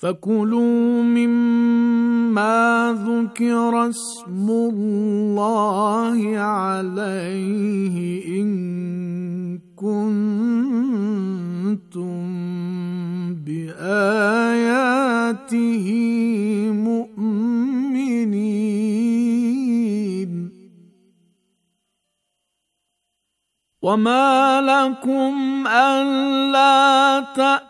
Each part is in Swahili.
فكلوا مما ذكر اسم الله عليه إن كنتم بآياته مؤمنين وما لكم ألا تأتوا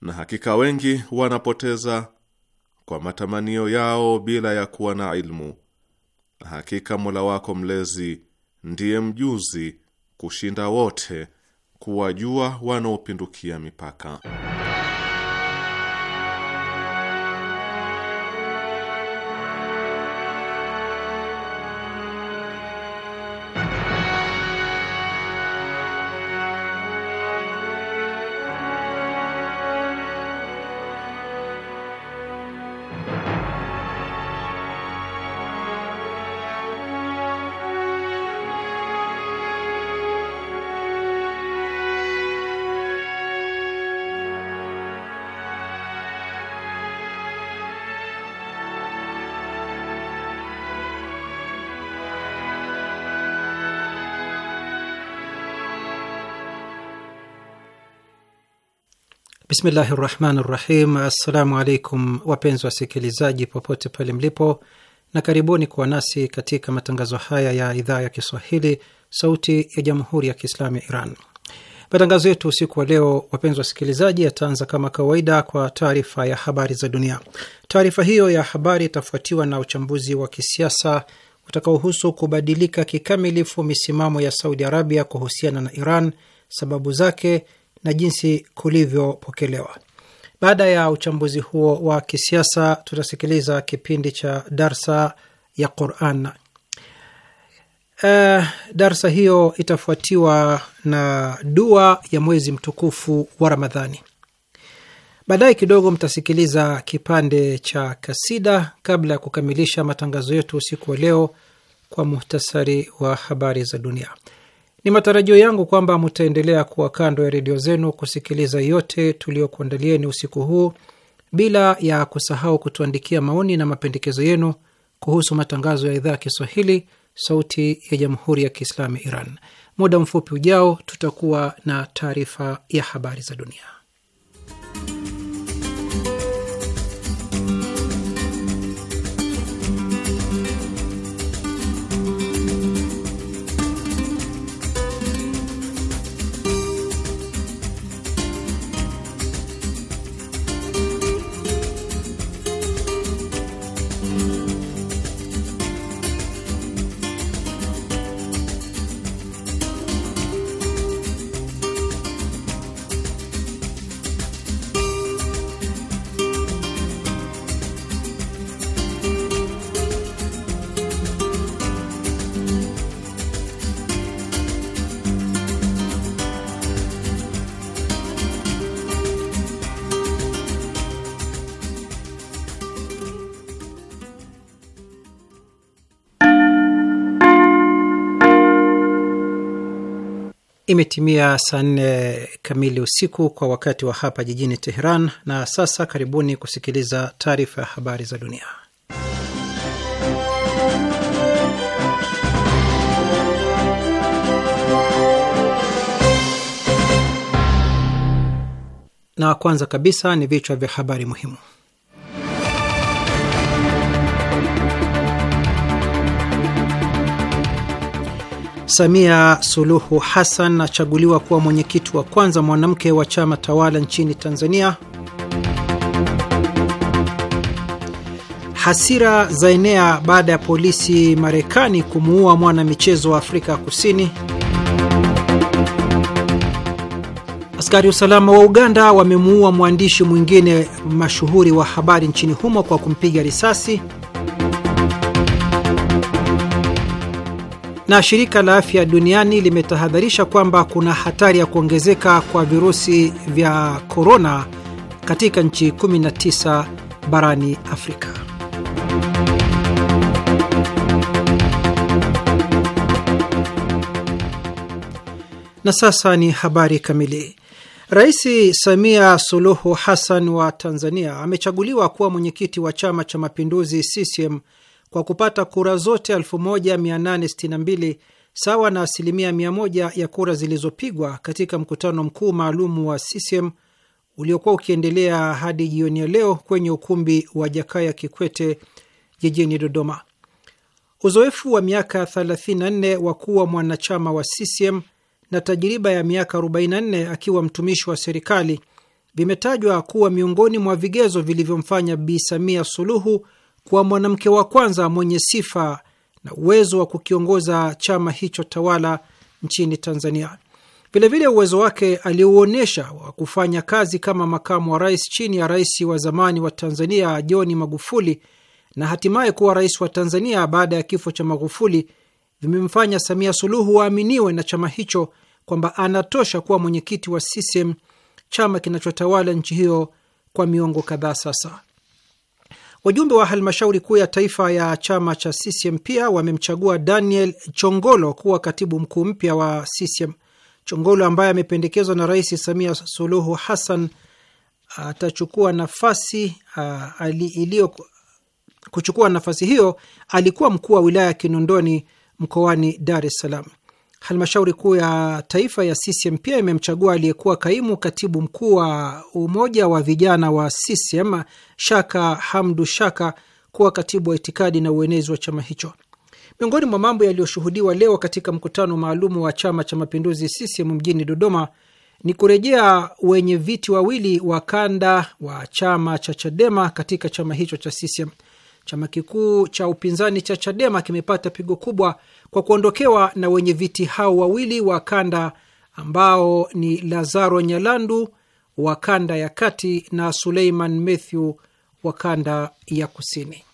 na hakika wengi wanapoteza kwa matamanio yao bila ya kuwa na ilmu. Na hakika Mola wako mlezi ndiye mjuzi kushinda wote kuwajua wanaopindukia mipaka. Bismillahi rahmani rahim. Assalamu alaikum wapenzi wasikilizaji popote pale mlipo, na karibuni kuwa nasi katika matangazo haya ya idhaa ya Kiswahili sauti ya jamhuri ya Kiislamu ya Iran. Matangazo yetu usiku wa leo, wapenzi wasikilizaji, yataanza kama kawaida kwa taarifa ya habari za dunia. Taarifa hiyo ya habari itafuatiwa na uchambuzi wa kisiasa utakaohusu kubadilika kikamilifu misimamo ya Saudi Arabia kuhusiana na Iran, sababu zake na jinsi kulivyopokelewa. Baada ya uchambuzi huo wa kisiasa, tutasikiliza kipindi cha darsa ya Quran. Uh, darsa hiyo itafuatiwa na dua ya mwezi mtukufu wa Ramadhani. Baadaye kidogo mtasikiliza kipande cha kasida kabla ya kukamilisha matangazo yetu usiku wa leo kwa muhtasari wa habari za dunia. Ni matarajio yangu kwamba mtaendelea kuwa kando ya redio zenu kusikiliza yote tuliyokuandalieni usiku huu, bila ya kusahau kutuandikia maoni na mapendekezo yenu kuhusu matangazo ya idhaa ya Kiswahili, Sauti ya Jamhuri ya Kiislamu ya Iran. Muda mfupi ujao tutakuwa na taarifa ya habari za dunia. Imetimia saa nne kamili usiku kwa wakati wa hapa jijini Teheran, na sasa karibuni kusikiliza taarifa ya habari za dunia. Na kwanza kabisa ni vichwa vya habari muhimu. Samia Suluhu Hassan achaguliwa kuwa mwenyekiti wa kwanza mwanamke wa chama tawala nchini Tanzania. Hasira za enea baada ya polisi Marekani kumuua mwana michezo wa Afrika Kusini. Askari usalama wa Uganda wamemuua mwandishi mwingine mashuhuri wa habari nchini humo kwa kumpiga risasi. Na shirika la afya duniani limetahadharisha kwamba kuna hatari ya kuongezeka kwa virusi vya korona katika nchi 19 barani Afrika. Na sasa ni habari kamili. Rais Samia Suluhu Hassan wa Tanzania amechaguliwa kuwa mwenyekiti wa Chama cha Mapinduzi CCM kwa kupata kura zote 1862 sawa na asilimia 100 ya kura zilizopigwa katika mkutano mkuu maalum wa CCM uliokuwa ukiendelea hadi jioni ya leo kwenye ukumbi wa Jakaya Kikwete jijini Dodoma. Uzoefu wa miaka 34 wa kuwa mwanachama wa CCM na tajiriba ya miaka 44 akiwa mtumishi wa serikali vimetajwa kuwa miongoni mwa vigezo vilivyomfanya Bi Samia Suluhu kuwa mwanamke wa kwanza mwenye sifa na uwezo wa kukiongoza chama hicho tawala nchini Tanzania. Vilevile uwezo wake aliuonyesha wa kufanya kazi kama makamu wa rais chini ya rais wa zamani wa Tanzania John Magufuli na hatimaye kuwa rais wa Tanzania baada ya kifo cha Magufuli vimemfanya Samia Suluhu aaminiwe na chama hicho kwamba anatosha kuwa mwenyekiti wa CCM, chama kinachotawala nchi hiyo kwa miongo kadhaa sasa. Wajumbe wa halmashauri kuu ya taifa ya chama cha CCM pia wamemchagua Daniel Chongolo kuwa katibu mkuu mpya wa CCM. Chongolo ambaye amependekezwa na Rais Samia Suluhu Hassan atachukua nafasi iliyo kuchukua nafasi hiyo. Alikuwa mkuu wa wilaya ya Kinondoni mkoani Dar es Salaam. Halmashauri kuu ya taifa ya CCM pia imemchagua aliyekuwa kaimu katibu mkuu wa umoja wa vijana wa CCM Shaka Hamdu Shaka kuwa katibu wa itikadi na uenezi wa chama hicho. Miongoni mwa mambo yaliyoshuhudiwa leo katika mkutano maalum wa Chama cha Mapinduzi CCM mjini Dodoma ni kurejea wenye viti wawili wa kanda wa chama cha Chadema katika chama hicho cha CCM chama kikuu cha upinzani cha Chadema kimepata pigo kubwa kwa kuondokewa na wenye viti hao wawili wa kanda ambao ni Lazaro Nyalandu wa kanda ya kati na Suleiman Mathew wa kanda ya kusini.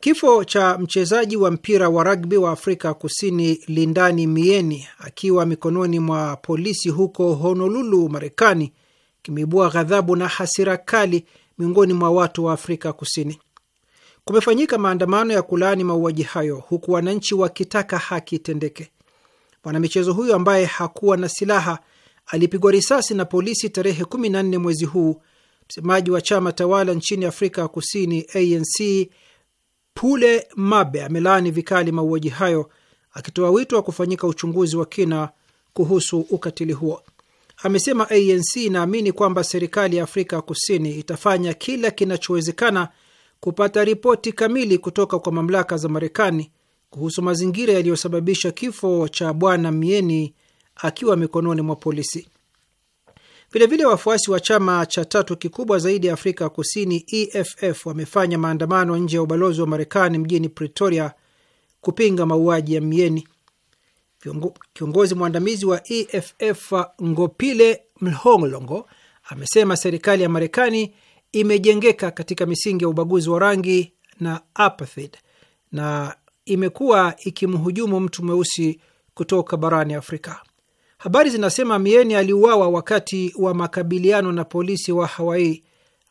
Kifo cha mchezaji wa mpira wa ragbi wa Afrika Kusini Lindani Mieni akiwa mikononi mwa polisi huko Honolulu, Marekani kimeibua ghadhabu na hasira kali miongoni mwa watu wa Afrika Kusini. Kumefanyika maandamano ya kulaani mauaji hayo, huku wananchi wakitaka haki itendeke. Mwanamichezo huyo ambaye hakuwa na silaha alipigwa risasi na polisi tarehe 14 mwezi huu. Msemaji wa chama tawala nchini Afrika Kusini, ANC, Pule Mabe amelaani vikali mauaji hayo, akitoa wito wa kufanyika uchunguzi wa kina kuhusu ukatili huo amesema ANC inaamini kwamba serikali ya Afrika Kusini itafanya kila kinachowezekana kupata ripoti kamili kutoka kwa mamlaka za Marekani kuhusu mazingira yaliyosababisha kifo cha Bwana Mieni akiwa mikononi mwa polisi. Vilevile, wafuasi wa chama cha tatu kikubwa zaidi ya Afrika Kusini, EFF, wamefanya maandamano nje ya ubalozi wa Marekani mjini Pretoria kupinga mauaji ya Mieni. Kiongozi mwandamizi wa EFF Ngopile Mlhonglongo amesema serikali ya Marekani imejengeka katika misingi ya ubaguzi wa rangi na apartheid na imekuwa ikimhujumu mtu mweusi kutoka barani Afrika. Habari zinasema Mieni aliuawa wakati wa makabiliano na polisi wa Hawaii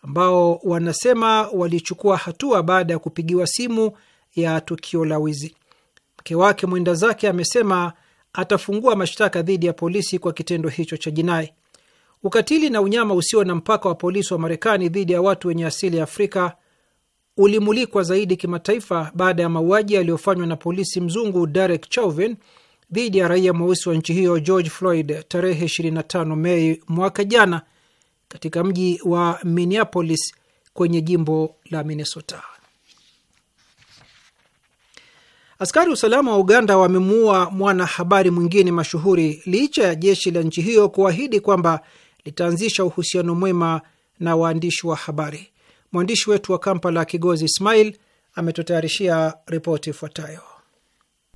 ambao wanasema walichukua hatua baada ya kupigiwa simu ya tukio la wizi. Mke wake mwenda zake amesema atafungua mashtaka dhidi ya polisi kwa kitendo hicho cha jinai. Ukatili na unyama usio na mpaka wa polisi wa Marekani dhidi ya watu wenye asili ya Afrika ulimulikwa zaidi kimataifa baada ya mauaji yaliyofanywa na polisi mzungu Derek Chauvin dhidi ya raia mweusi wa nchi hiyo George Floyd tarehe 25 Mei mwaka jana katika mji wa Minneapolis kwenye jimbo la Minnesota. Askari usalama wa Uganda wamemuua mwanahabari mwingine mashuhuri licha ya jeshi la nchi hiyo kuahidi kwamba litaanzisha uhusiano mwema na waandishi wa habari. Mwandishi wetu wa Kampala, Kigozi Ismail, ametutayarishia ripoti ifuatayo.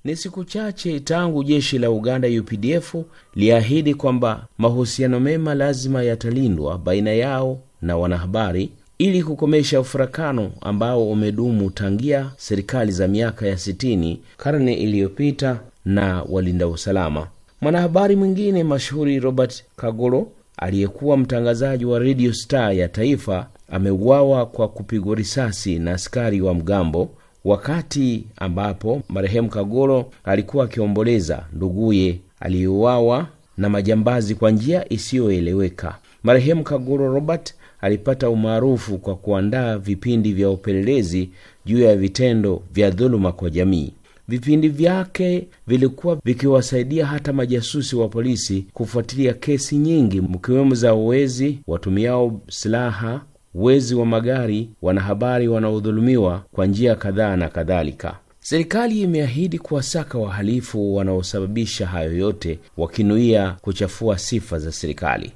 Ni siku chache tangu jeshi la Uganda UPDF liahidi kwamba mahusiano mema lazima yatalindwa baina yao na wanahabari ili kukomesha ufarakano ambao umedumu tangia serikali za miaka ya sitini karne iliyopita na walinda usalama. Mwanahabari mwingine mashuhuri Robert Kagolo aliyekuwa mtangazaji wa Radio Star ya Taifa ameuawa kwa kupigwa risasi na askari wa mgambo wakati ambapo marehemu Kagolo alikuwa akiomboleza nduguye aliyeuawa na majambazi kwa njia isiyoeleweka. Marehemu Kagolo Robert alipata umaarufu kwa kuandaa vipindi vya upelelezi juu ya vitendo vya dhuluma kwa jamii. Vipindi vyake vilikuwa vikiwasaidia hata majasusi wa polisi kufuatilia kesi nyingi, mkiwemo za uwezi, watumiao silaha, wezi wa magari, wanahabari wanaodhulumiwa kwa njia kadhaa na kadhalika. Serikali imeahidi kuwasaka wahalifu wanaosababisha hayo yote, wakinuia kuchafua sifa za serikali.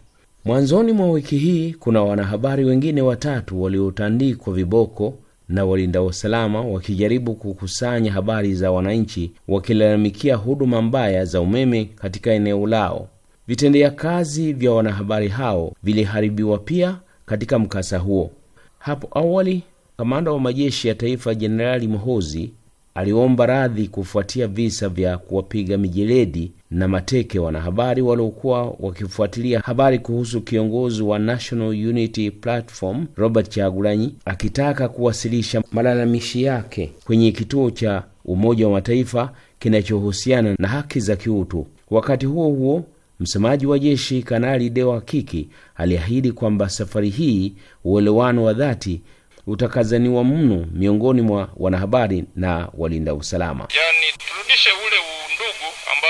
Mwanzoni mwa wiki hii kuna wanahabari wengine watatu waliotandikwa viboko na walinda usalama wakijaribu kukusanya habari za wananchi wakilalamikia huduma mbaya za umeme katika eneo lao. Vitendea kazi vya wanahabari hao viliharibiwa pia katika mkasa huo. Hapo awali, kamanda wa majeshi ya taifa Jenerali Mohozi aliomba radhi kufuatia visa vya kuwapiga mijeledi na mateke wanahabari waliokuwa wakifuatilia habari kuhusu kiongozi wa National Unity Platform Robert Chagulanyi akitaka kuwasilisha malalamishi yake kwenye kituo cha Umoja wa Mataifa kinachohusiana na haki za kiutu. Wakati huo huo, msemaji wa jeshi Kanali Dewa Kiki aliahidi kwamba safari hii uelewano wa dhati utakazaniwa mno miongoni mwa wanahabari na walinda usalama, yani turudishe ule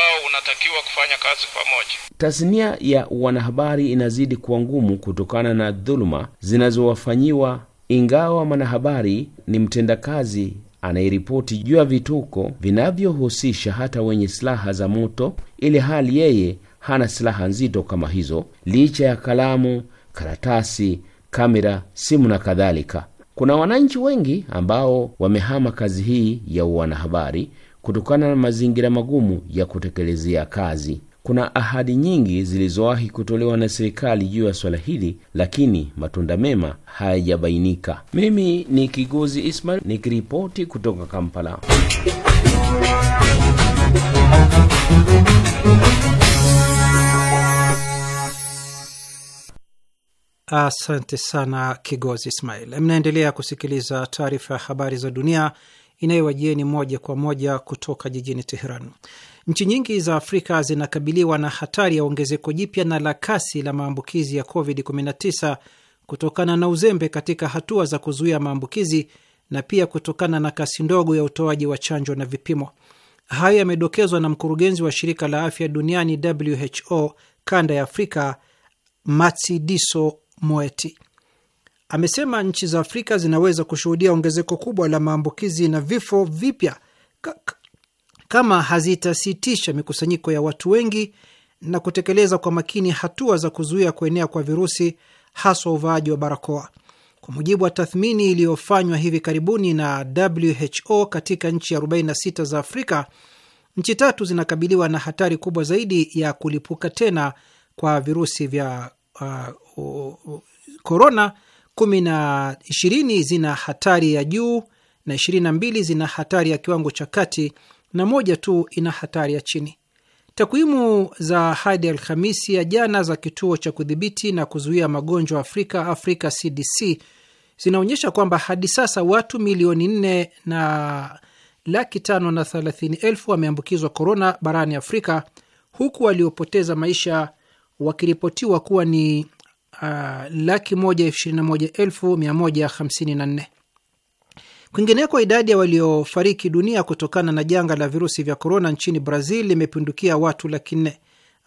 ambao unatakiwa kufanya kazi pamoja. Tasnia ya wanahabari inazidi kuwa ngumu kutokana na dhuluma zinazowafanyiwa, ingawa mwanahabari ni mtendakazi anayeripoti juu ya vituko vinavyohusisha hata wenye silaha za moto, ili hali yeye hana silaha nzito kama hizo, licha ya kalamu, karatasi, kamera, simu na kadhalika. Kuna wananchi wengi ambao wamehama kazi hii ya uwanahabari kutokana na mazingira magumu ya kutekelezea kazi. Kuna ahadi nyingi zilizowahi kutolewa na serikali juu ya swala hili, lakini matunda mema hayajabainika. Mimi ni Kigozi Ismail nikiripoti kutoka Kampala. Asante sana Kigozi Ismail. Mnaendelea kusikiliza taarifa ya habari za dunia inayowajieni moja kwa moja kutoka jijini Teheran. Nchi nyingi za Afrika zinakabiliwa na hatari ya ongezeko jipya na la kasi la maambukizi ya COVID-19 kutokana na uzembe katika hatua za kuzuia maambukizi na pia kutokana na kasi ndogo ya utoaji wa chanjo na vipimo. Hayo yamedokezwa na mkurugenzi wa shirika la afya duniani WHO kanda ya Afrika, Matsidiso Moeti amesema nchi za Afrika zinaweza kushuhudia ongezeko kubwa la maambukizi na vifo vipya kama hazitasitisha mikusanyiko ya watu wengi na kutekeleza kwa makini hatua za kuzuia kuenea kwa virusi, haswa uvaaji wa barakoa. Kwa mujibu wa tathmini iliyofanywa hivi karibuni na WHO katika nchi 46 za Afrika, nchi tatu zinakabiliwa na hatari kubwa zaidi ya kulipuka tena kwa virusi vya korona uh, uh, kumi na ishirini zina hatari ya juu na ishirini na mbili zina hatari ya kiwango cha kati na moja tu ina hatari ya chini. Takwimu za hadi Alhamisi ya jana za kituo cha kudhibiti na kuzuia magonjwa Afrika, afrika CDC, zinaonyesha kwamba hadi sasa watu milioni nne na laki tano na thelathini elfu wameambukizwa korona barani Afrika, huku waliopoteza maisha wakiripotiwa kuwa ni Uh, laki moja ishirini na moja elfu mia moja hamsini na nne. Kwingineko, idadi ya waliofariki dunia kutokana na janga la virusi vya korona nchini Brazil limepindukia watu laki nne,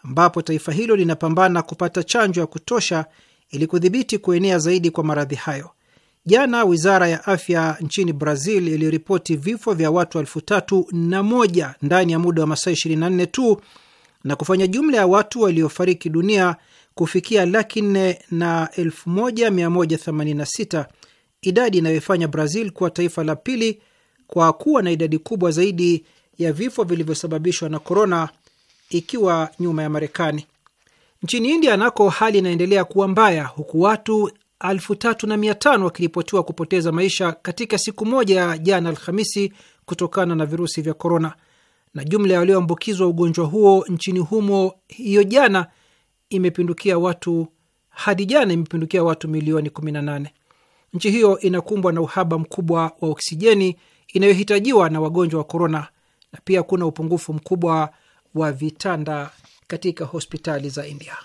ambapo taifa hilo linapambana kupata chanjo ya kutosha ili kudhibiti kuenea zaidi kwa maradhi hayo. Jana wizara ya afya nchini Brazil iliripoti vifo vya watu elfu tatu na moja ndani ya muda wa masaa 24 tu na kufanya jumla ya watu waliofariki dunia kufikia laki nne na elfu moja mia moja themanini na sita, idadi inayoifanya Brazil kuwa taifa la pili kwa kuwa na idadi kubwa zaidi ya vifo vilivyosababishwa na korona ikiwa nyuma ya Marekani. Nchini India nako hali inaendelea kuwa mbaya huku watu elfu tatu na mia tano wakiripotiwa kupoteza maisha katika siku moja jana Alhamisi kutokana na virusi vya korona, na jumla ya walioambukizwa ugonjwa huo nchini humo hiyo jana imepindukia watu hadi jana imepindukia watu milioni 18. Nchi hiyo inakumbwa na uhaba mkubwa wa oksijeni inayohitajiwa na wagonjwa wa korona, na pia kuna upungufu mkubwa wa vitanda katika hospitali za India.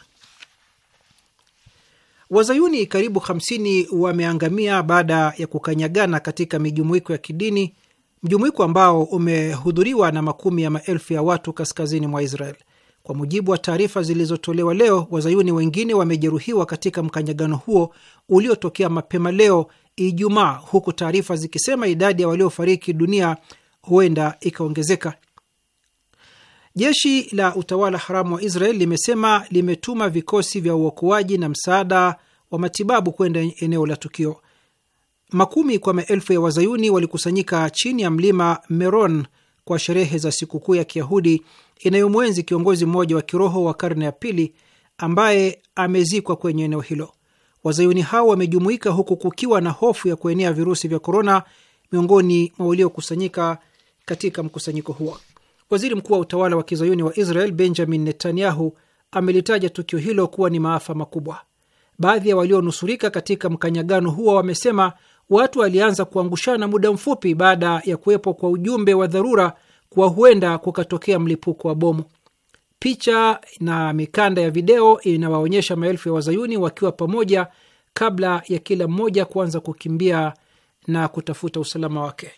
Wazayuni karibu 50 wameangamia baada ya kukanyagana katika mijumuiko ya kidini, mjumuiko ambao umehudhuriwa na makumi ya maelfu ya watu kaskazini mwa Israel. Kwa mujibu wa taarifa zilizotolewa leo, wazayuni wengine wamejeruhiwa katika mkanyagano huo uliotokea mapema leo Ijumaa, huku taarifa zikisema idadi ya waliofariki dunia huenda ikaongezeka. Jeshi la utawala haramu wa Israel limesema limetuma vikosi vya uokoaji na msaada wa matibabu kwenda eneo la tukio. Makumi kwa maelfu ya wazayuni walikusanyika chini ya mlima Meron kwa sherehe za sikukuu ya Kiyahudi inayomwenzi kiongozi mmoja wa kiroho wa karne ya pili ambaye amezikwa kwenye eneo hilo. Wazayuni hao wamejumuika huku kukiwa na hofu ya kuenea virusi vya korona miongoni mwa waliokusanyika katika mkusanyiko huo. Waziri mkuu wa utawala wa kizayuni wa Israel Benjamin Netanyahu amelitaja tukio hilo kuwa ni maafa makubwa. Baadhi ya walionusurika katika mkanyagano huo wamesema watu walianza kuangushana muda mfupi baada ya kuwepo kwa ujumbe wa dharura kuwa huenda kukatokea mlipuko wa bomu. Picha na mikanda ya video inawaonyesha maelfu ya wazayuni wakiwa pamoja kabla ya kila mmoja kuanza kukimbia na kutafuta usalama wake.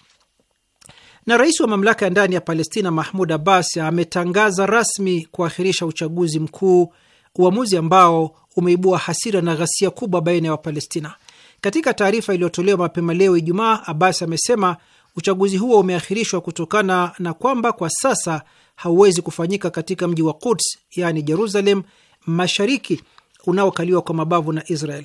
Na rais wa mamlaka ya ndani ya Palestina Mahmud Abbas ametangaza rasmi kuahirisha uchaguzi mkuu, uamuzi ambao umeibua hasira na ghasia kubwa baina ya Wapalestina. Katika taarifa iliyotolewa mapema leo Ijumaa, Abbas amesema uchaguzi huo umeahirishwa kutokana na kwamba kwa sasa hauwezi kufanyika katika mji wa Quds, yaani Jerusalem Mashariki, unaokaliwa kwa mabavu na Israel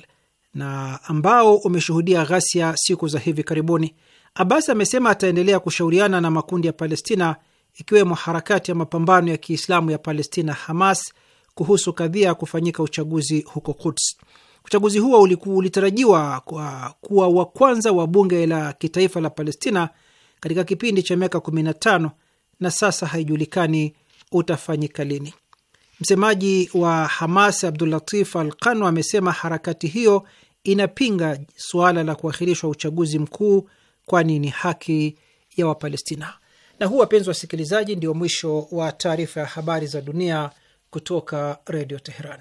na ambao umeshuhudia ghasia siku za hivi karibuni. Abbas amesema ataendelea kushauriana na makundi ya Palestina ikiwemo harakati ya mapambano ya Kiislamu ya Palestina Hamas kuhusu kadhia ya kufanyika uchaguzi huko Quds. Uchaguzi huo ulitarajiwa kwa kuwa wa kwanza wa bunge la kitaifa la Palestina katika kipindi cha miaka 15 na sasa haijulikani utafanyika lini. Msemaji wa Hamas Abdulatif Al Qanu amesema harakati hiyo inapinga suala la kuahirishwa uchaguzi mkuu kwani ni haki ya Wapalestina. Na huu, wapenzi wasikilizaji, ndio mwisho wa taarifa ya habari za dunia kutoka Redio Teheran.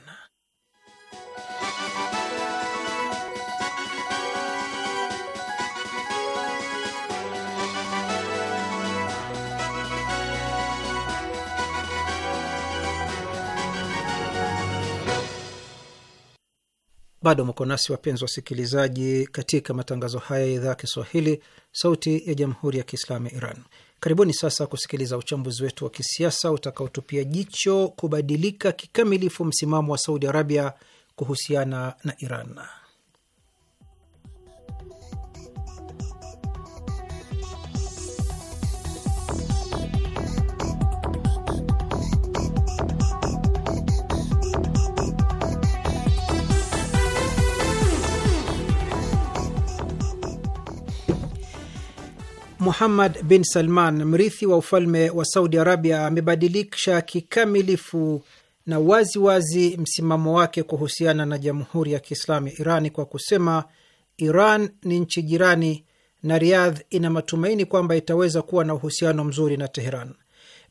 Bado mko nasi wapenzi wasikilizaji, katika matangazo haya ya idhaa ya Kiswahili, sauti ya jamhuri ya kiislamu ya Iran. Karibuni sasa kusikiliza uchambuzi wetu wa kisiasa utakaotupia jicho kubadilika kikamilifu msimamo wa Saudi Arabia kuhusiana na Iran. Muhammad bin Salman, mrithi wa ufalme wa Saudi Arabia, amebadilisha kikamilifu na waziwazi wazi msimamo wake kuhusiana na Jamhuri ya Kiislamu ya Irani kwa kusema Iran ni nchi jirani na Riyadh ina matumaini kwamba itaweza kuwa na uhusiano mzuri na Teheran.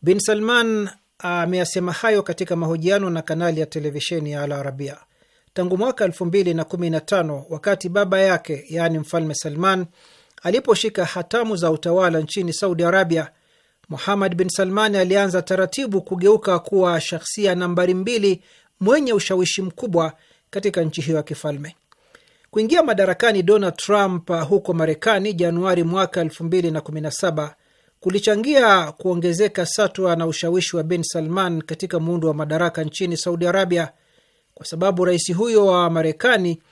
Bin Salman ah, ameyasema hayo katika mahojiano na kanali ya televisheni ya Al Arabia. Tangu mwaka 2015 wakati baba yake, yaani Mfalme Salman Aliposhika hatamu za utawala nchini Saudi Arabia, Muhammad bin Salman alianza taratibu kugeuka kuwa shahsia nambari mbili mwenye ushawishi mkubwa katika nchi hiyo ya kifalme. Kuingia madarakani Donald Trump huko Marekani Januari mwaka 2017 kulichangia kuongezeka satwa na ushawishi wa bin Salman katika muundo wa madaraka nchini Saudi Arabia, kwa sababu rais huyo wa Marekani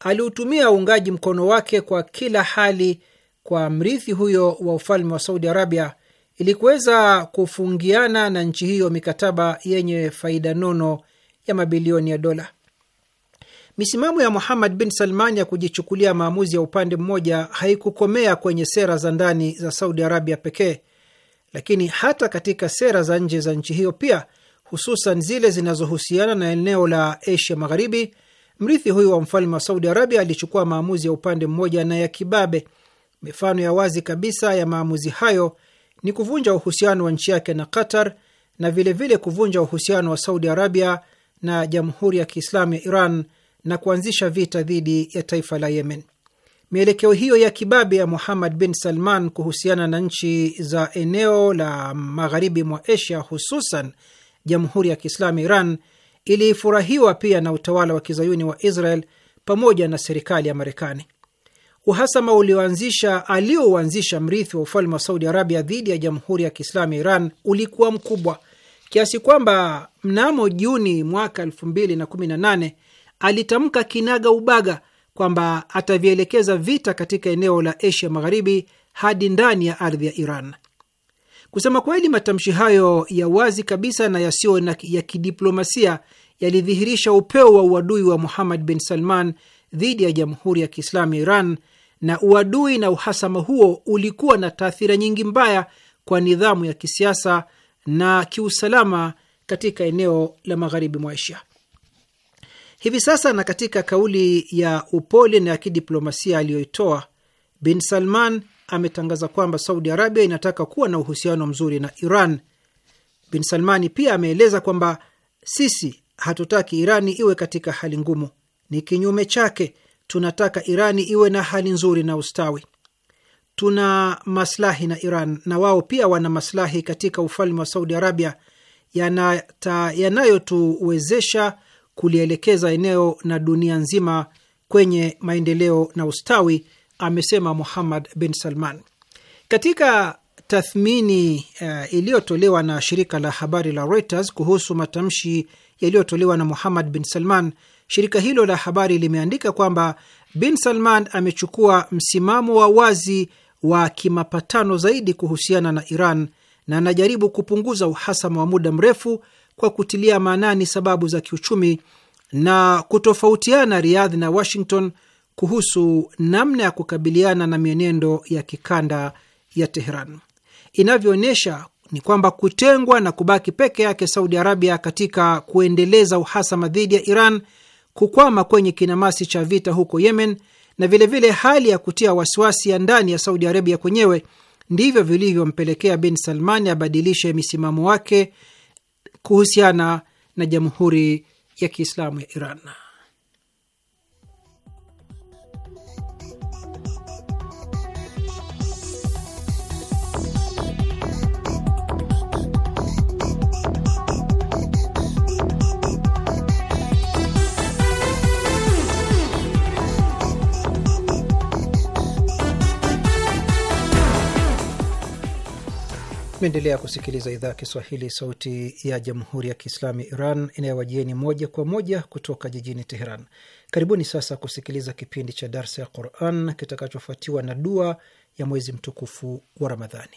aliutumia uungaji mkono wake kwa kila hali kwa mrithi huyo wa ufalme wa Saudi Arabia ili kuweza kufungiana na nchi hiyo mikataba yenye faida nono ya mabilioni ya dola. Misimamo ya Muhammad bin Salman ya kujichukulia maamuzi ya upande mmoja haikukomea kwenye sera za ndani za Saudi Arabia pekee, lakini hata katika sera za nje za nchi hiyo pia, hususan zile zinazohusiana na eneo la Asia Magharibi. Mrithi huyo wa mfalme wa Saudi Arabia alichukua maamuzi ya upande mmoja na ya kibabe Mifano ya wazi kabisa ya maamuzi hayo ni kuvunja uhusiano wa nchi yake na Qatar na vilevile vile kuvunja uhusiano wa Saudi Arabia na Jamhuri ya Kiislamu ya Iran na kuanzisha vita dhidi ya taifa la Yemen. Mielekeo hiyo ya kibabe ya Muhammad bin Salman kuhusiana na nchi za eneo la magharibi mwa Asia, hususan Jamhuri ya Kiislamu ya Iran, ilifurahiwa pia na utawala wa kizayuni wa Israel pamoja na serikali ya Marekani uhasama ulioanzisha alioanzisha mrithi wa ufalme wa Saudi Arabia dhidi ya jamhuri ya Kiislamu ya Iran ulikuwa mkubwa kiasi kwamba mnamo Juni mwaka 2018 alitamka kinaga ubaga kwamba atavielekeza vita katika eneo la Asia Magharibi hadi ndani ya ardhi ya Iran. Kusema kweli, matamshi hayo ya wazi kabisa na yasiyo ya kidiplomasia yalidhihirisha upeo wa uadui wa Muhammad bin Salman dhidi ya jamhuri ya Kiislamu ya Iran na uadui na uhasama huo ulikuwa na taathira nyingi mbaya kwa nidhamu ya kisiasa na kiusalama katika eneo la magharibi mwa Asia hivi sasa. Na katika kauli ya upole na ya kidiplomasia aliyoitoa, Bin Salman ametangaza kwamba Saudi Arabia inataka kuwa na uhusiano mzuri na Iran. Bin Salmani pia ameeleza kwamba sisi hatutaki Irani iwe katika hali ngumu, ni kinyume chake Tunataka Irani iwe na hali nzuri na ustawi. Tuna maslahi na Iran na wao pia wana maslahi katika ufalme wa Saudi Arabia yanayotuwezesha yana kulielekeza eneo na dunia nzima kwenye maendeleo na ustawi, amesema Muhammad bin Salman katika tathmini uh, iliyotolewa na shirika la habari la Reuters kuhusu matamshi yaliyotolewa na Muhammad bin Salman. Shirika hilo la habari limeandika kwamba Bin Salman amechukua msimamo wa wazi wa kimapatano zaidi kuhusiana na Iran na anajaribu kupunguza uhasama wa muda mrefu kwa kutilia maanani sababu za kiuchumi na kutofautiana Riyadh na Washington kuhusu namna ya kukabiliana na mienendo ya kikanda ya Teheran. Inavyoonyesha ni kwamba kutengwa na kubaki peke yake Saudi Arabia katika kuendeleza uhasama dhidi ya Iran kukwama kwenye kinamasi cha vita huko Yemen na vilevile vile hali ya kutia wasiwasi ya ndani ya Saudi Arabia kwenyewe ndivyo vilivyompelekea Bin Salmani abadilishe misimamo wake kuhusiana na Jamhuri ya Kiislamu ya Iran. Naendelea kusikiliza idhaa ya Kiswahili, sauti ya jamhuri ya kiislamu Iran inayowajieni moja kwa moja kutoka jijini Teheran. Karibuni sasa kusikiliza kipindi cha darsa ya Quran kitakachofuatiwa na dua ya mwezi mtukufu wa Ramadhani.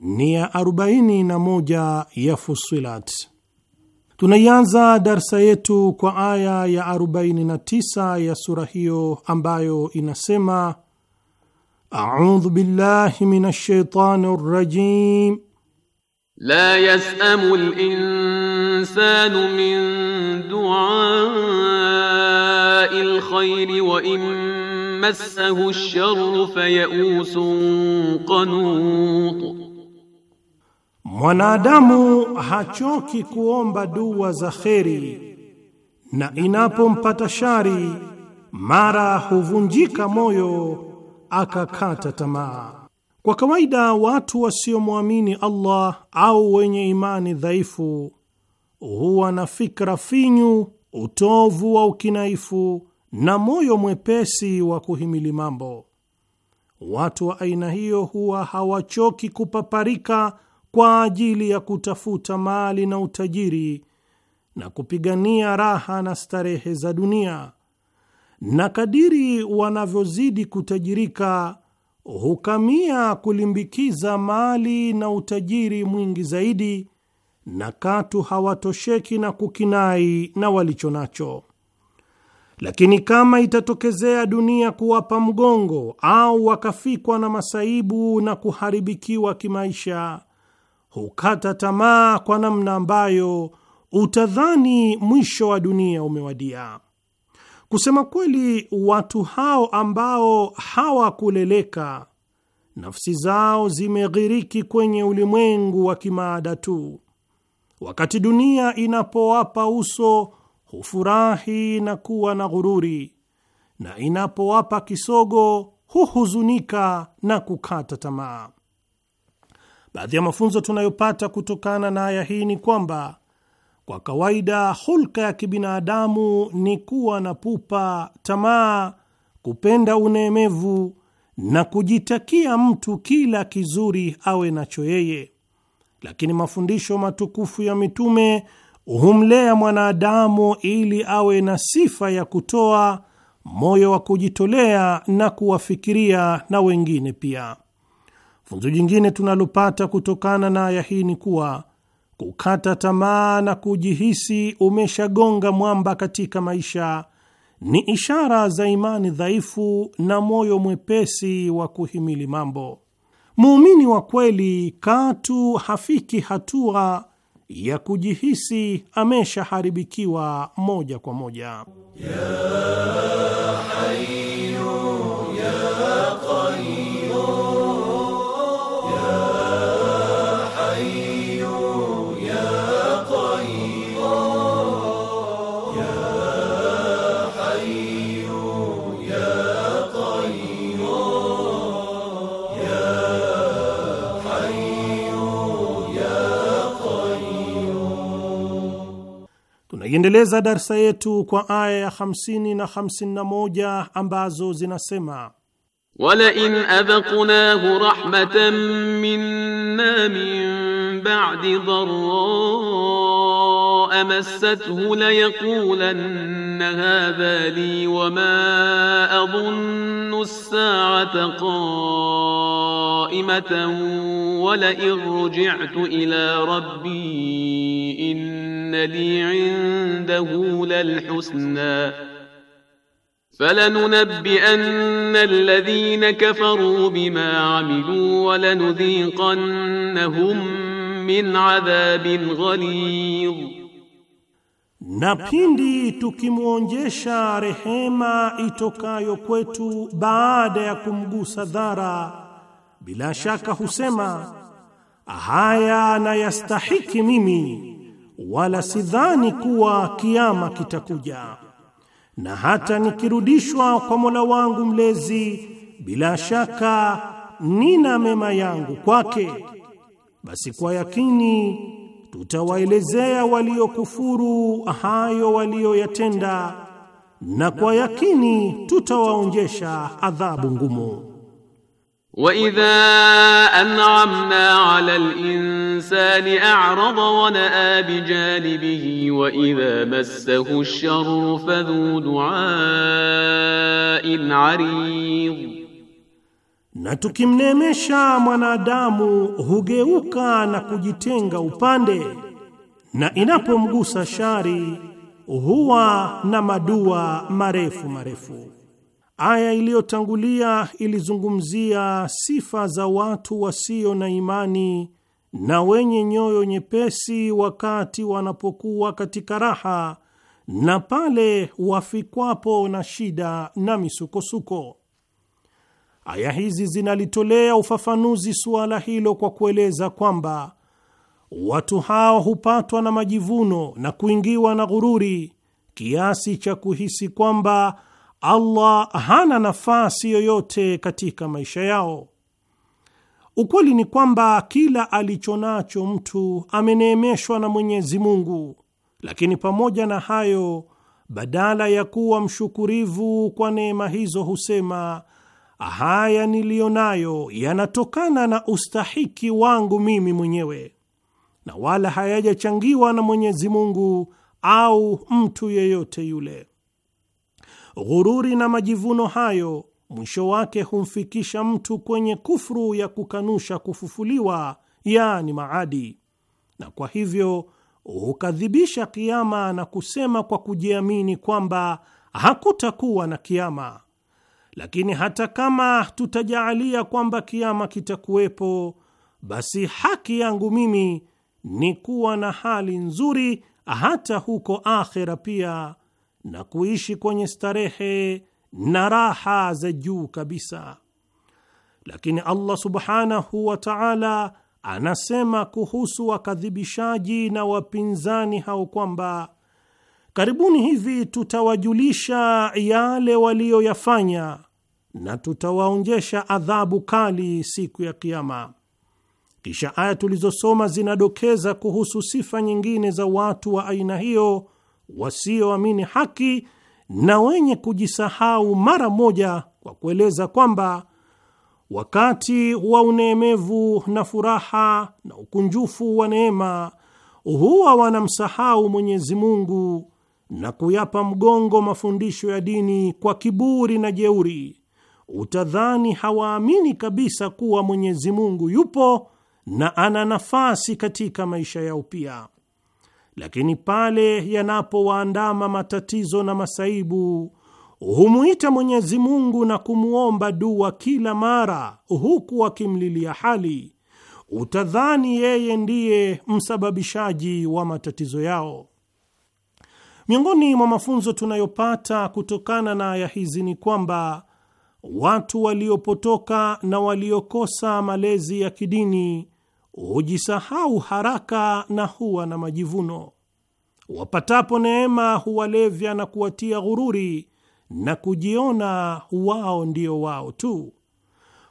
ni ya arobaini na moja ya Fusilat. Tunaianza darsa yetu kwa aya ya arobaini na tisa ya sura hiyo ambayo inasema: audhu billahi min shaitani rajim la yasamu linsanu min duai lkhairi wa in massahu lsharu fayausun qanut Mwanadamu hachoki kuomba dua za kheri, na inapompata shari mara huvunjika moyo akakata tamaa. Kwa kawaida watu wasiomwamini Allah au wenye imani dhaifu huwa na fikra finyu, utovu wa ukinaifu na moyo mwepesi wa kuhimili mambo. Watu wa aina hiyo huwa hawachoki kupaparika kwa ajili ya kutafuta mali na utajiri na kupigania raha na starehe za dunia, na kadiri wanavyozidi kutajirika hukamia kulimbikiza mali na utajiri mwingi zaidi, na katu hawatosheki na kukinai na walicho nacho. Lakini kama itatokezea dunia kuwapa mgongo au wakafikwa na masaibu na kuharibikiwa kimaisha, hukata tamaa kwa namna ambayo utadhani mwisho wa dunia umewadia. Kusema kweli, watu hao ambao hawakuleleka, nafsi zao zimeghiriki kwenye ulimwengu wa kimaada tu. Wakati dunia inapowapa uso hufurahi na kuwa na ghururi, na inapowapa kisogo huhuzunika na kukata tamaa. Baadhi ya mafunzo tunayopata kutokana na aya hii ni kwamba kwa kawaida hulka ya kibinadamu ni kuwa na pupa, tamaa, kupenda uneemevu na kujitakia mtu kila kizuri awe nacho yeye, lakini mafundisho matukufu ya mitume humlea mwanadamu ili awe na sifa ya kutoa, moyo wa kujitolea na kuwafikiria na wengine pia. Funzo jingine tunalopata kutokana na aya hii ni kuwa kukata tamaa na kujihisi umeshagonga mwamba katika maisha ni ishara za imani dhaifu na moyo mwepesi wa kuhimili mambo. Muumini wa kweli katu hafiki hatua ya kujihisi ameshaharibikiwa moja kwa moja ya Tukiendeleza darsa yetu kwa aya ya 50 na 51 ambazo zinasema Walain adhaqnahu rahmatan minna min ba'di dharra أمسته ليقولن هذا لي وما أظن الساعة قائمة ولئن رجعت إلى ربي إن لي عنده للحسنى فلننبئن الذين كفروا بما عملوا ولنذيقنهم من عذاب غليظ Na pindi tukimwonjesha rehema itokayo kwetu baada ya kumgusa dhara, bila shaka husema haya na yastahiki mimi, wala sidhani kuwa kiama kitakuja, na hata nikirudishwa kwa Mola wangu mlezi, bila shaka nina mema yangu kwake, basi kwa yakini tutawaelezea waliokufuru hayo waliyoyatenda, na kwa yakini tutawaonjesha adhabu ngumu. وإذا أنعمنا على الإنسان أعرض ونأى بجانبه وإذا مسه الشر فذو دعاء عريض na tukimneemesha mwanadamu hugeuka na kujitenga upande, na inapomgusa shari huwa na madua marefu marefu. Aya iliyotangulia ilizungumzia sifa za watu wasio na imani na wenye nyoyo nyepesi wakati wanapokuwa katika raha na pale wafikwapo na shida na misukosuko. Aya hizi zinalitolea ufafanuzi suala hilo kwa kueleza kwamba watu hao hupatwa na majivuno na kuingiwa na ghururi kiasi cha kuhisi kwamba Allah hana nafasi yoyote katika maisha yao. Ukweli ni kwamba kila alicho nacho mtu ameneemeshwa na Mwenyezi Mungu, lakini pamoja na hayo, badala ya kuwa mshukurivu kwa neema hizo husema haya niliyo nayo yanatokana na ustahiki wangu mimi mwenyewe na wala hayajachangiwa na Mwenyezi Mungu au mtu yeyote yule. Ghururi na majivuno hayo mwisho wake humfikisha mtu kwenye kufru ya kukanusha kufufuliwa, yani maadi, na kwa hivyo hukadhibisha kiama na kusema kwa kujiamini kwamba hakutakuwa na kiama. Lakini hata kama tutajaalia kwamba kiama kitakuwepo, basi haki yangu mimi ni kuwa na hali nzuri hata huko akhera pia, na kuishi kwenye starehe na raha za juu kabisa. Lakini Allah subhanahu wa ta'ala anasema kuhusu wakadhibishaji na wapinzani hao kwamba Karibuni hivi tutawajulisha yale waliyoyafanya na tutawaonjesha adhabu kali siku ya Kiama. Kisha aya tulizosoma zinadokeza kuhusu sifa nyingine za watu wa aina hiyo wasioamini haki na wenye kujisahau mara moja, kwa kueleza kwamba wakati wa uneemevu na furaha na ukunjufu wa neema huwa wanamsahau Mwenyezi Mungu na kuyapa mgongo mafundisho ya dini kwa kiburi na jeuri, utadhani hawaamini kabisa kuwa Mwenyezi Mungu yupo na ana nafasi katika maisha yao pia. Lakini pale yanapowaandama matatizo na masaibu, humwita Mwenyezi Mungu na kumwomba dua kila mara, huku wakimlilia hali, utadhani yeye ndiye msababishaji wa matatizo yao. Miongoni mwa mafunzo tunayopata kutokana na aya hizi ni kwamba watu waliopotoka na waliokosa malezi ya kidini hujisahau haraka na huwa na majivuno. Wapatapo neema huwalevya na kuwatia ghururi na kujiona wao ndio wao tu.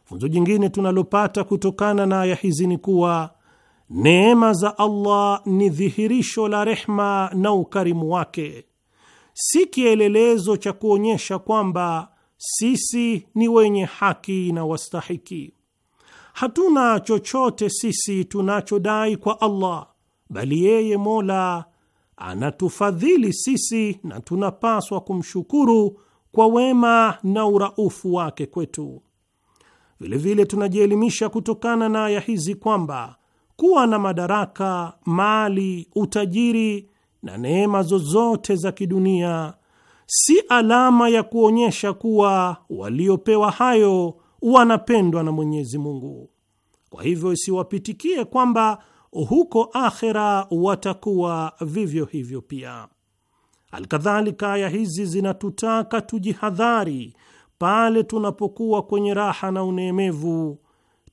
Funzo jingine tunalopata kutokana na aya hizi ni kuwa Neema za Allah ni dhihirisho la rehma na ukarimu wake, si kielelezo cha kuonyesha kwamba sisi ni wenye haki na wastahiki. Hatuna chochote sisi tunachodai kwa Allah, bali yeye Mola anatufadhili sisi na tunapaswa kumshukuru kwa wema na uraufu wake kwetu. Vilevile tunajielimisha kutokana na aya hizi kwamba kuwa na madaraka, mali, utajiri na neema zozote za kidunia si alama ya kuonyesha kuwa waliopewa hayo wanapendwa na Mwenyezi Mungu. Kwa hivyo isiwapitikie kwamba huko akhera watakuwa vivyo hivyo pia. Alkadhalika, aya hizi zinatutaka tujihadhari pale tunapokuwa kwenye raha na uneemevu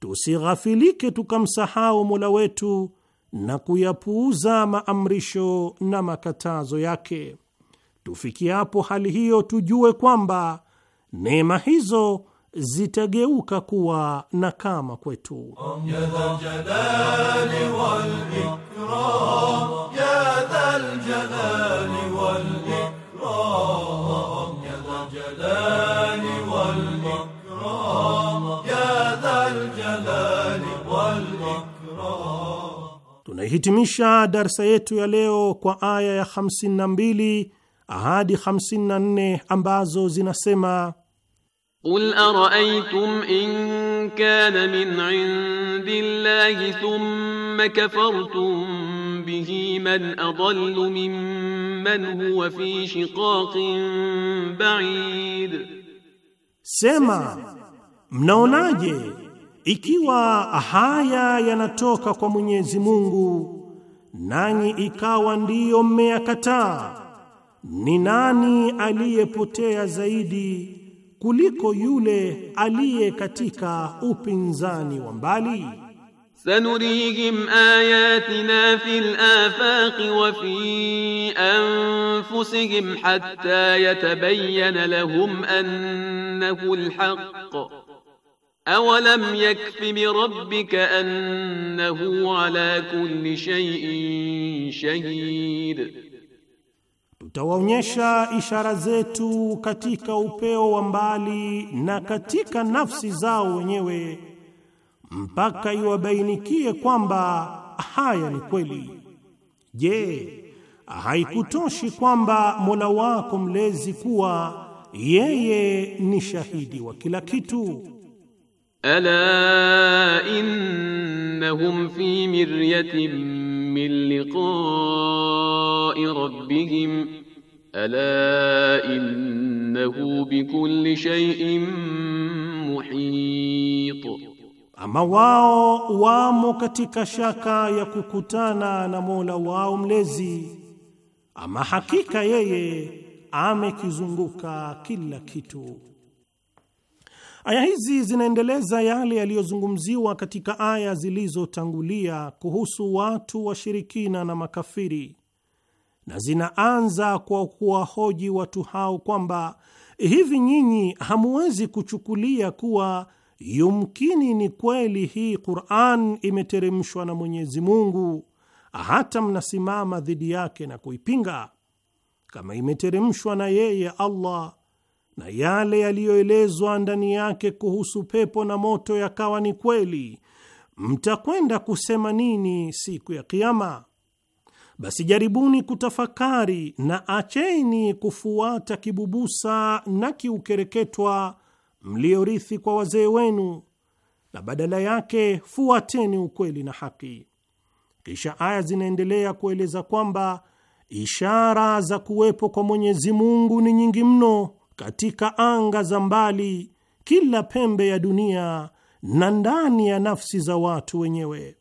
tusighafilike tukamsahau Mola wetu na kuyapuuza maamrisho na makatazo yake. Tufikiapo hali hiyo, tujue kwamba neema hizo zitageuka kuwa kama kwetu. Tunahitimisha darsa yetu ya leo kwa aya ya 52 hadi 54 ambazo zinasema: Qul ara'aytum in kana min 'indillahi thumma kafartum bihi man adallu mimman huwa fi shiqaqin ba'id, Sema, mnaonaje ikiwa haya yanatoka kwa Mwenyezi Mungu nanyi ikawa ndiyo mmeyakataa, ni nani aliyepotea zaidi kuliko yule aliye katika upinzani wa mbali? Sanurihim ayatina fil afaq wa fi anfusihim hatta yatabayyana lahum annahu alhaq Awalam yakfi bi rabbika annahu ala kulli shay'in shahid, tutawaonyesha ishara zetu katika upeo wa mbali na katika nafsi zao wenyewe mpaka iwabainikie kwamba haya ni kweli. Je, haikutoshi kwamba Mola wako mlezi kuwa yeye ni shahidi wa kila kitu? ala innahum fi miryatin min liqa'i rabbihim ala innahu bikulli shay'in muhit, ama wao wamo katika shaka ya kukutana na Mola wao mlezi, ama hakika yeye amekizunguka kila kitu. Aya hizi zinaendeleza yale yaliyozungumziwa katika aya zilizotangulia kuhusu watu washirikina na makafiri, na zinaanza kwa kuwahoji watu hao kwamba hivi nyinyi hamuwezi kuchukulia kuwa yumkini ni kweli hii Qur'an imeteremshwa na Mwenyezi Mungu, hata mnasimama dhidi yake na kuipinga? Kama imeteremshwa na yeye Allah na yale yaliyoelezwa ndani yake kuhusu pepo na moto yakawa ni kweli, mtakwenda kusema nini siku ya Kiama? Basi jaribuni kutafakari na acheni kufuata kibubusa na kiukereketwa mliorithi kwa wazee wenu, na badala yake fuateni ukweli na haki. Kisha aya zinaendelea kueleza kwamba ishara za kuwepo kwa Mwenyezi Mungu ni nyingi mno katika anga za mbali, kila pembe ya dunia na ndani ya nafsi za watu wenyewe.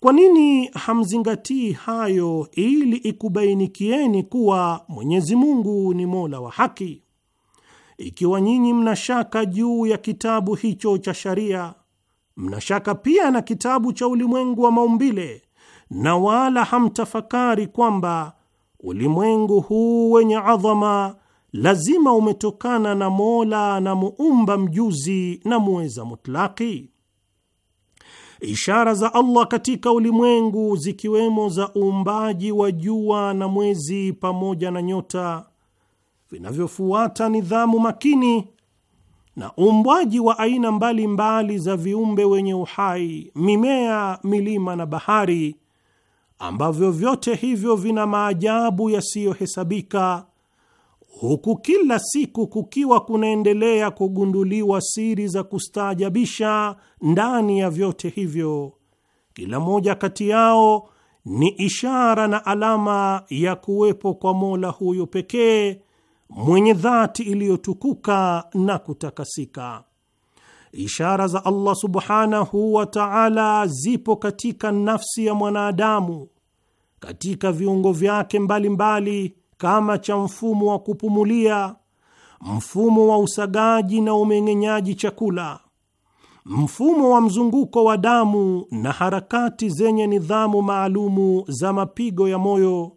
Kwa nini hamzingatii hayo ili ikubainikieni kuwa Mwenyezi Mungu ni Mola wa haki? Ikiwa nyinyi mnashaka juu ya kitabu hicho cha sharia, mnashaka pia na kitabu cha ulimwengu wa maumbile, na wala hamtafakari kwamba ulimwengu huu wenye adhama lazima umetokana na Mola na muumba mjuzi na muweza mutlaki. Ishara za Allah katika ulimwengu zikiwemo za uumbaji wa jua na mwezi pamoja na nyota vinavyofuata nidhamu makini na uumbwaji wa aina mbalimbali mbali za viumbe wenye uhai, mimea, milima na bahari, ambavyo vyote hivyo vina maajabu yasiyohesabika huku kila siku kukiwa kunaendelea kugunduliwa siri za kustaajabisha ndani ya vyote hivyo. Kila moja kati yao ni ishara na alama ya kuwepo kwa Mola huyo pekee mwenye dhati iliyotukuka na kutakasika. Ishara za Allah subhanahu wa ta'ala zipo katika nafsi ya mwanadamu, katika viungo vyake mbalimbali mbali, kama cha mfumo wa kupumulia, mfumo wa usagaji na umeng'enyaji chakula, mfumo wa mzunguko wa damu na harakati zenye nidhamu maalumu za mapigo ya moyo,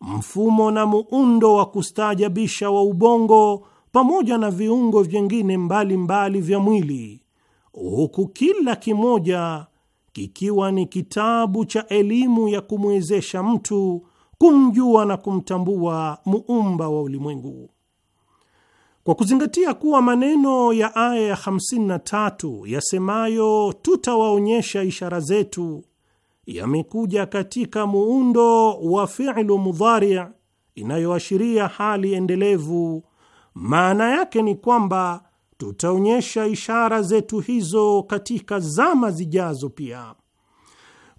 mfumo na muundo wa kustaajabisha wa ubongo pamoja na viungo vyengine mbalimbali vya mwili, huku kila kimoja kikiwa ni kitabu cha elimu ya kumwezesha mtu kumjua na kumtambua muumba wa ulimwengu. Kwa kuzingatia kuwa maneno ya aya ya 53 yasemayo tutawaonyesha ishara zetu yamekuja katika muundo wa fi'lu mudhari inayoashiria hali endelevu, maana yake ni kwamba tutaonyesha ishara zetu hizo katika zama zijazo pia.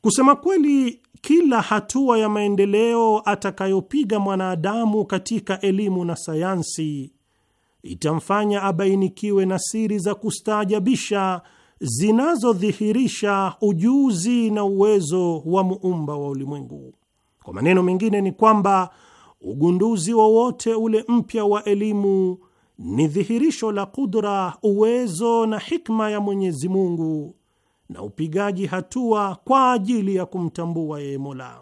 Kusema kweli, kila hatua ya maendeleo atakayopiga mwanadamu katika elimu na sayansi itamfanya abainikiwe na siri za kustaajabisha zinazodhihirisha ujuzi na uwezo wa muumba wa ulimwengu. Kwa maneno mengine, ni kwamba ugunduzi wowote ule mpya wa elimu ni dhihirisho la kudra, uwezo na hikma ya Mwenyezi Mungu na upigaji hatua kwa ajili ya kumtambua yeye Mola.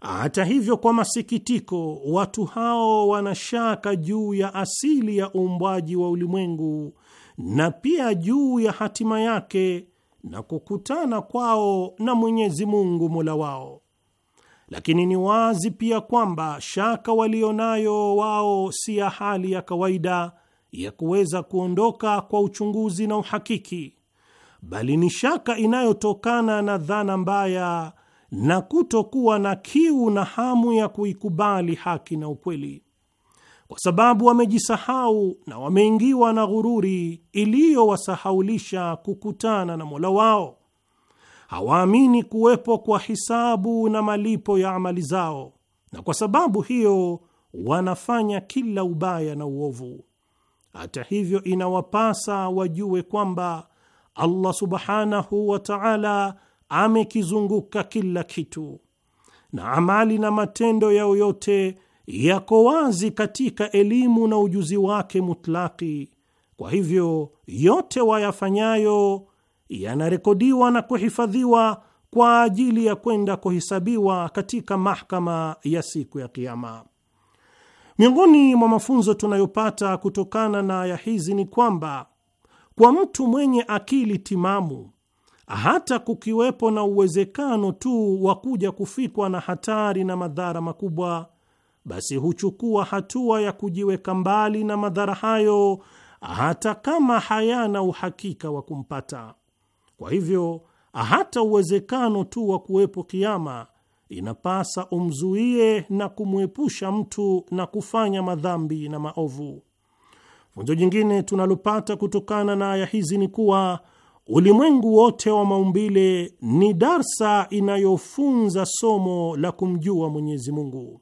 Hata hivyo, kwa masikitiko, watu hao wanashaka juu ya asili ya uumbwaji wa ulimwengu na pia juu ya hatima yake na kukutana kwao na Mwenyezi Mungu Mola wao. Lakini ni wazi pia kwamba shaka walionayo wao si ya hali ya kawaida ya kuweza kuondoka kwa uchunguzi na uhakiki, bali ni shaka inayotokana na dhana mbaya na kutokuwa na kiu na hamu ya kuikubali haki na ukweli, kwa sababu wamejisahau na wameingiwa na ghururi iliyowasahaulisha kukutana na Mola wao. Hawaamini kuwepo kwa hisabu na malipo ya amali zao, na kwa sababu hiyo wanafanya kila ubaya na uovu. Hata hivyo, inawapasa wajue kwamba Allah subhanahu wa ta'ala amekizunguka kila kitu na amali na matendo yao yote yako wazi katika elimu na ujuzi wake mutlaki. Kwa hivyo yote wayafanyayo yanarekodiwa na kuhifadhiwa kwa ajili ya kwenda kuhesabiwa katika mahakama ya siku ya Kiyama. Miongoni mwa mafunzo tunayopata kutokana na aya hizi ni kwamba kwa mtu mwenye akili timamu, hata kukiwepo na uwezekano tu wa kuja kufikwa na hatari na madhara makubwa, basi huchukua hatua ya kujiweka mbali na madhara hayo, hata kama hayana uhakika wa kumpata. Kwa hivyo, hata uwezekano tu wa kuwepo kiama inapasa umzuie na kumwepusha mtu na kufanya madhambi na maovu. Funzo jingine tunalopata kutokana na aya hizi ni kuwa ulimwengu wote wa maumbile ni darsa inayofunza somo la kumjua Mwenyezi Mungu,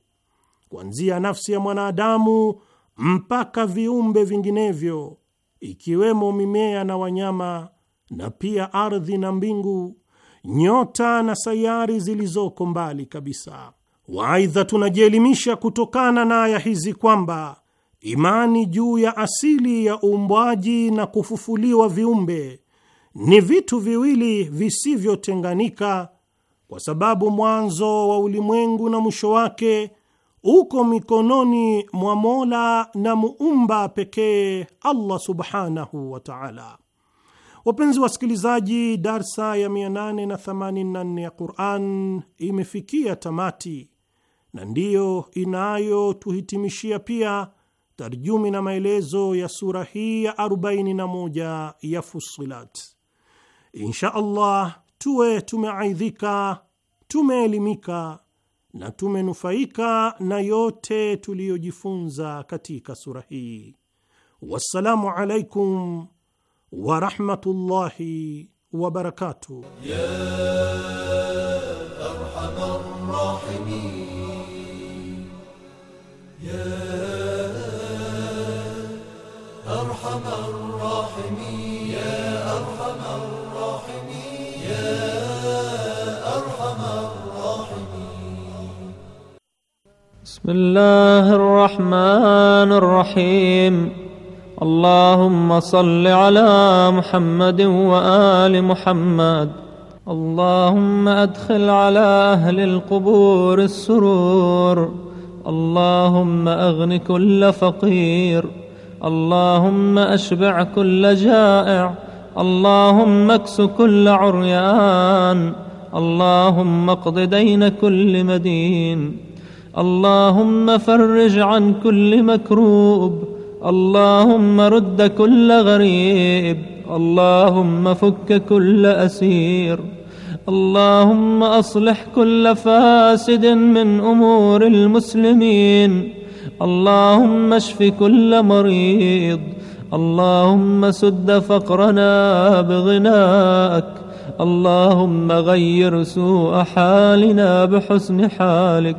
kuanzia nafsi ya mwanadamu mpaka viumbe vinginevyo, ikiwemo mimea na wanyama, na pia ardhi na mbingu, nyota na sayari zilizoko mbali kabisa. Waaidha, tunajielimisha kutokana na aya hizi kwamba imani juu ya asili ya uumbwaji na kufufuliwa viumbe ni vitu viwili visivyotenganika, kwa sababu mwanzo wa ulimwengu na mwisho wake uko mikononi mwa Mola na muumba pekee, Allah subhanahu wa taala. Wapenzi wasikilizaji, darsa ya 884 ya Quran imefikia tamati na ndiyo inayotuhitimishia pia tarjumi na maelezo ya sura hii ya 41 ya Fussilat. Insha Allah tuwe tumeaidhika, tumeelimika na tumenufaika na yote tuliyojifunza katika sura hii. Wassalamu alaikum wa rahmatullahi wa barakatuh ya arhamar rahimin بسم الله الرحمن الرحيم اللهم صل على محمد وآل محمد اللهم أدخل على أهل القبور السرور اللهم أغن كل فقير اللهم أشبع كل جائع اللهم اكس كل عريان اللهم اقض دين كل مدين اللهم فرج عن كل مكروب اللهم رد كل غريب اللهم فك كل اسير اللهم اصلح كل فاسد من امور المسلمين اللهم اشف كل مريض اللهم سد فقرنا بغناك اللهم غير سوء حالنا بحسن حالك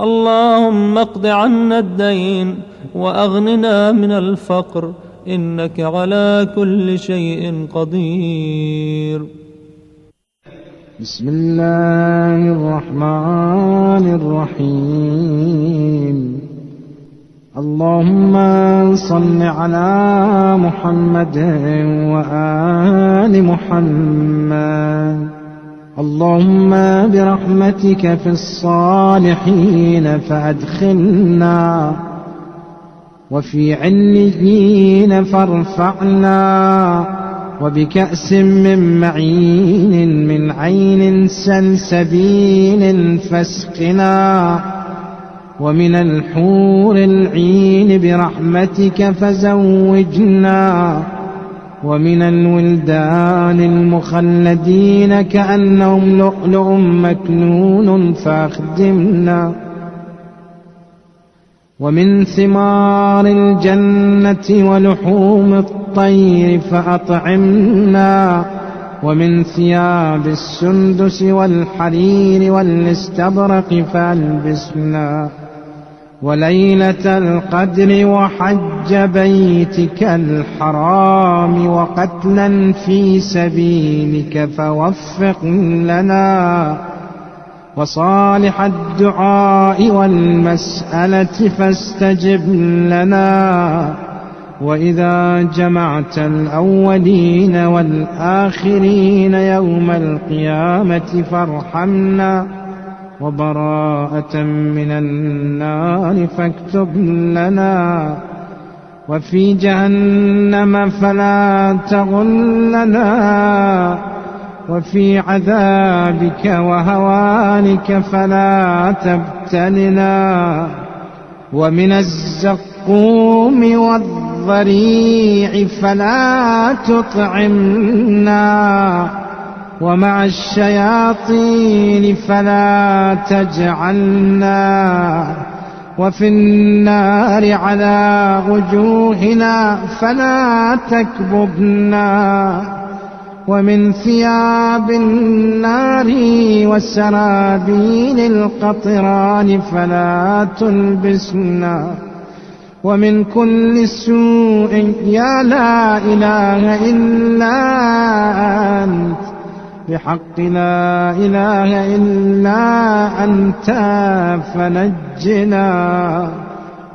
اللهم اقض عنا الدين واغننا من الفقر انك على كل شيء قدير بسم الله الرحمن الرحيم اللهم صل على محمد وآل محمد اللهم برحمتك في الصالحين فأدخلنا وفي عليين فارفعنا وبكأس من معين من عين سلسبيل فاسقنا ومن الحور العين برحمتك فزوجنا ومن الولدان المخلدين كأنهم لؤلؤ مكنون فأخدمنا ومن ثمار الجنة ولحوم الطير فأطعمنا ومن ثياب السندس والحرير والاستبرق فألبسنا وليلة القدر وحج بيتك الحرام وقتلا في سبيلك فوفق لنا وصالح الدعاء والمسألة فاستجب لنا وإذا جمعت الأولين والآخرين يوم القيامة فارحمنا وبراءة من النار فاكتب لنا وفي جهنم فلا تغلنا وفي عذابك وهوانك فلا تبتلنا ومن الزقوم والضريع فلا تطعمنا ومع الشياطين فلا تجعلنا وفي النار على وجوهنا فلا تكببنا ومن ثياب النار والسرابين القطران فلا تلبسنا ومن كل سوء يا لا إله إلا أنت بحق لا إله إلا أنت فنجنا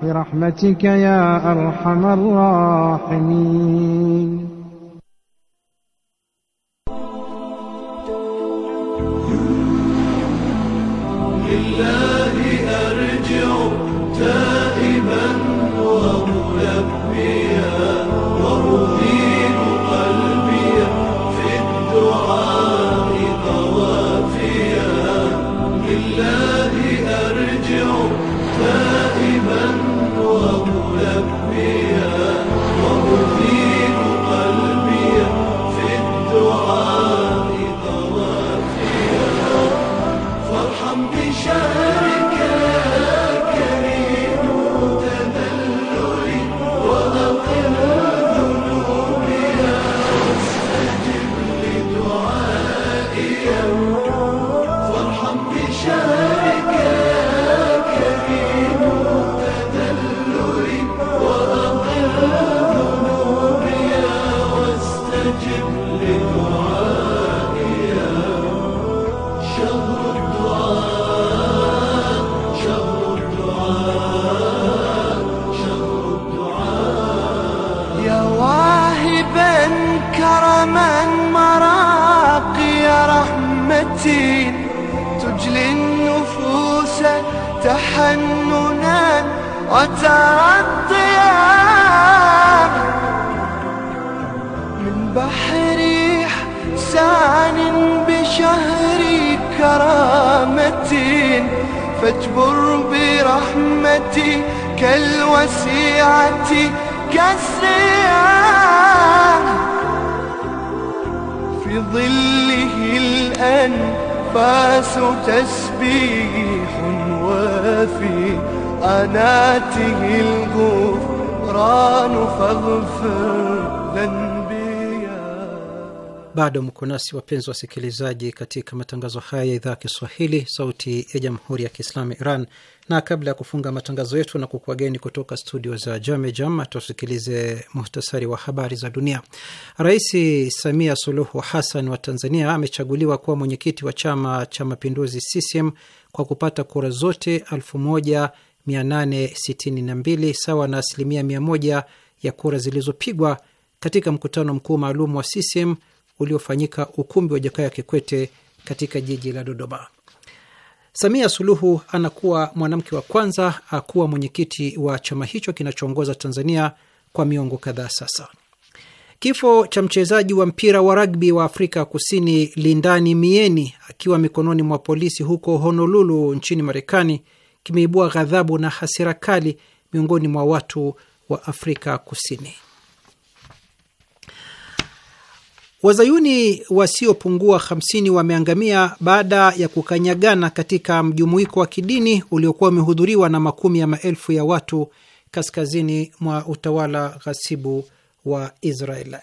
برحمتك يا أرحم الراحمين لله الديار من بحري حسان بشهري كرامتي فاجبر برحمتي كالوسيعة كالسيعة في ظله الأنفاس تسبيح وفي أناته الغفران فاغفر ذنبي bado mko nasi wapenzi wasikilizaji, katika matangazo haya ya idhaa ya Kiswahili, sauti ya jamhuri ya kiislamu Iran. Na kabla ya kufunga matangazo yetu na kukuwageni kutoka studio za Jamejam, tusikilize muhtasari wa habari za dunia. Rais Samia Suluhu Hassan wa Tanzania amechaguliwa kuwa mwenyekiti wa Chama cha Mapinduzi CCM kwa kupata kura zote elfu moja 862 sawa na asilimia 100 ya kura zilizopigwa katika mkutano mkuu maalum wa CCM uliofanyika ukumbi wa Jakaya Kikwete katika jiji la Dodoma. Samia Suluhu anakuwa mwanamke wa kwanza akuwa mwenyekiti wa chama hicho kinachoongoza Tanzania kwa miongo kadhaa sasa. Kifo cha mchezaji wa mpira wa ragbi wa Afrika Kusini Lindani Mieni akiwa mikononi mwa polisi huko Honolulu nchini Marekani kimeibua ghadhabu na hasira kali miongoni mwa watu wa Afrika Kusini. Wazayuni wasiopungua 50 wameangamia baada ya kukanyagana katika mjumuiko wa kidini uliokuwa umehudhuriwa na makumi ya maelfu ya watu kaskazini mwa utawala ghasibu wa Israel.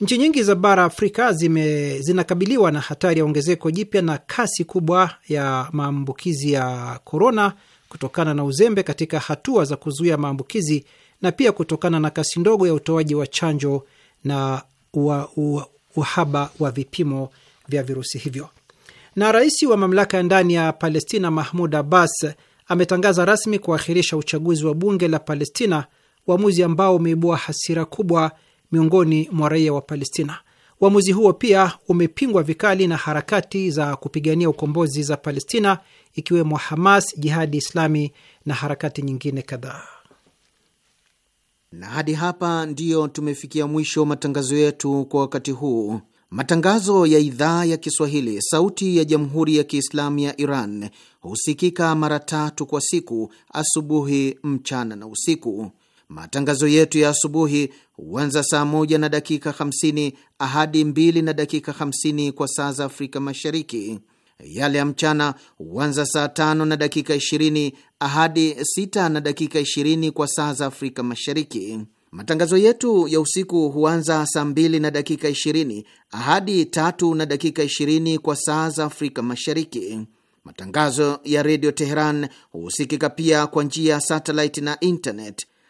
Nchi nyingi za bara Afrika zime, zinakabiliwa na hatari ya ongezeko jipya na kasi kubwa ya maambukizi ya korona kutokana na uzembe katika hatua za kuzuia maambukizi na pia kutokana na kasi ndogo ya utoaji wa chanjo na wa, wa, uhaba wa vipimo vya virusi hivyo. Na rais wa mamlaka ya ndani ya Palestina Mahmud Abbas ametangaza rasmi kuahirisha uchaguzi wa bunge la Palestina, uamuzi ambao umeibua hasira kubwa miongoni mwa raia wa Palestina. Uamuzi huo pia umepingwa vikali na harakati za kupigania ukombozi za Palestina, ikiwemo Hamas, Jihadi Islami na harakati nyingine kadhaa. Na hadi hapa ndiyo tumefikia mwisho matangazo yetu kwa wakati huu. Matangazo ya idhaa ya Kiswahili, Sauti ya Jamhuri ya Kiislamu ya Iran husikika mara tatu kwa siku: asubuhi, mchana na usiku. Matangazo yetu ya asubuhi huanza saa moja na dakika 50 hadi mbili na dakika 50 kwa saa za Afrika Mashariki. Yale ya mchana huanza saa tano na dakika 20 ahadi sita na dakika 20 kwa saa za Afrika Mashariki. Matangazo yetu ya usiku huanza saa mbili na dakika 20 ahadi tatu na dakika 20 kwa saa za Afrika Mashariki. Matangazo ya Redio Teheran husikika pia kwa njia ya satellite na internet.